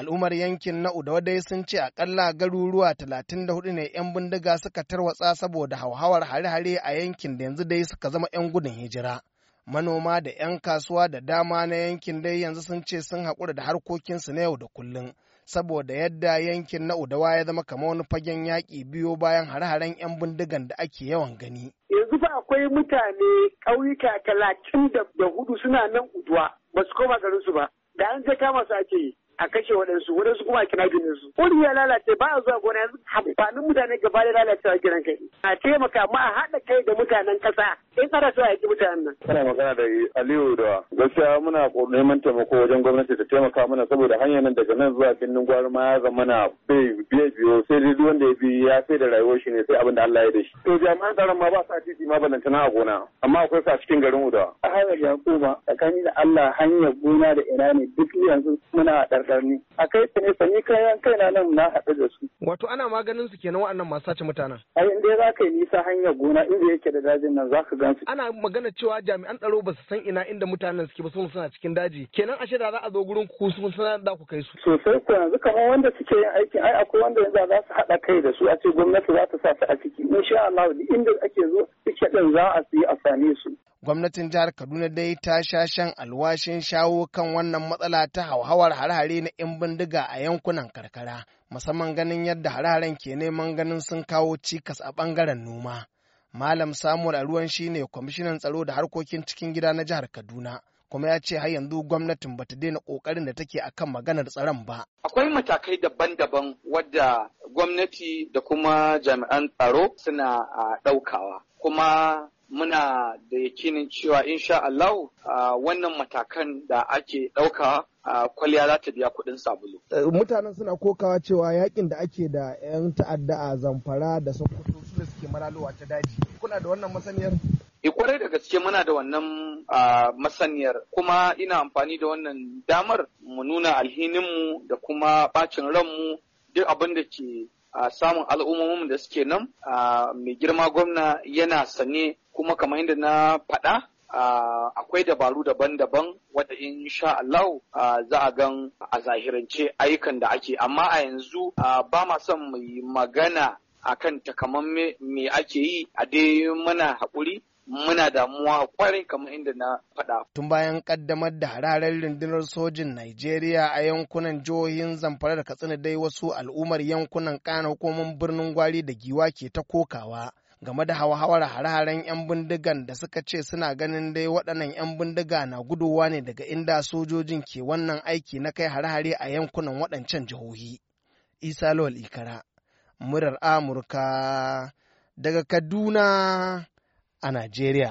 al'ummar yankin na Udawadai sun ce akalla garuruwa 34 ne 'yan bindiga suka tarwatsa saboda hauhawar hare-hare a yankin da yanzu dai suka zama 'yan gudun hijira. Manoma da 'yan kasuwa da dama na yankin dai yanzu sun ce sun haƙura da harkokinsu na yau da kullum. saboda yadda yankin na Udawa ya zama kamar wani fagen yaƙi biyo bayan hare-haren 'yan bindigan da ake yawan gani. Yanzu ba akwai mutane ƙauyuka talatin da hudu suna nan Udawa ba su koma garinsu ba. Da an je kama su ake yi. a kashe waɗansu waɗansu kuma a kira ginin su Ko ya lalace ba a zuwa gona yanzu amfanin mutane gaba da lalacewa kiran kai a taimaka ma a haɗa kai da mutanen ƙasa in ana su a yaƙi mutanen nan. kana magana da aliyu da gaskiya muna neman taimako wajen gwamnati ta taimaka mana saboda hanyar nan daga nan zuwa kinnin gwari ma ya zama na bai biye biyo sai dai wanda ya bi ya sai da rayuwar shi ne sai abin da Allah ya da shi. to jami'an tsaron ma ba sa titi ma tana a gona amma akwai sa cikin garin udawa. a hanyar tsakanin da Allah hanyar gona da ina ne duk yanzu muna a karni a kai su ne sani kayan na nan na haɗu da su. Wato ana maganin su kenan waɗannan masu sace mutanen. a in dai za ka yi nisa hanyar gona inda yake da dajin nan za ka gan su. Ana magana cewa jami'an tsaro ba su san ina inda mutanen suke ba su suna cikin daji kenan ashe da za a zo gurin ku sun suna da ku kai su. Sosai ko yanzu kamar wanda suke yin aiki ai akwai wanda yanzu za su haɗa kai da su a ce gwamnati za ta sa su a ciki. Insha Allah inda ake zo suke ɗin za a yi a same su. gwamnatin jihar kaduna dai ta sha shan alwashin shawo kan wannan matsala ta hauhawar harhare na 'yan bindiga a yankunan karkara musamman ganin yadda harharen ke neman ganin sun kawo cikas a bangaren noma malam a ruwan shi ne kwamishinan tsaro da harkokin cikin gida na jihar kaduna kuma ya ce har yanzu gwamnatin bata daina kokarin da take akan maganar tsaron ba. Akwai matakai daban-daban wadda gwamnati da kuma jami'an tsaro suna ɗaukawa. Kuma muna da yakinin cewa insha Allah wannan matakan da ake ɗauka kwalliya za ta biya kuɗin sabulu. Eh, mutanen suna kokawa cewa yakin da ake da 'yan ta'adda a zamfara da sokoto suna suke maraluwa ta daji. Kuna da wannan masaniyar? E, kwarai da gaske muna da wannan masaniyar kuma ina amfani da wannan damar mu nuna alhininmu da kuma bacin ranmu duk abin da ke samun al'ummomin da suke nan mai girma gwamna yana sane kuma kamar yadda na faɗa Uh, akwai dabaru daban-daban wadda in sha Allah uh, za a gan a zahirance ayyukan da ake amma a yanzu uh, ba ma son mu yi magana kan takamamme me ake yi a dai mana haƙuri muna damuwa kwarai kamar inda na faɗa. Tun bayan ƙaddamar da hararen rundunar sojin Najeriya a yankunan jihohin Zamfara da Katsina dai wasu al'ummar yankunan kana hukumomin birnin Gwari da Giwa ke ta kokawa. game da hauhawar hare-haren 'yan bindigan da suka ce suna ganin dai waɗannan 'yan bindiga na guduwa ne daga inda sojojin ke wannan aiki na kai hare-hare a yankunan waɗancan jihohi. Isa Lawal Ikara, murar Amurka daga Kaduna a Najeriya.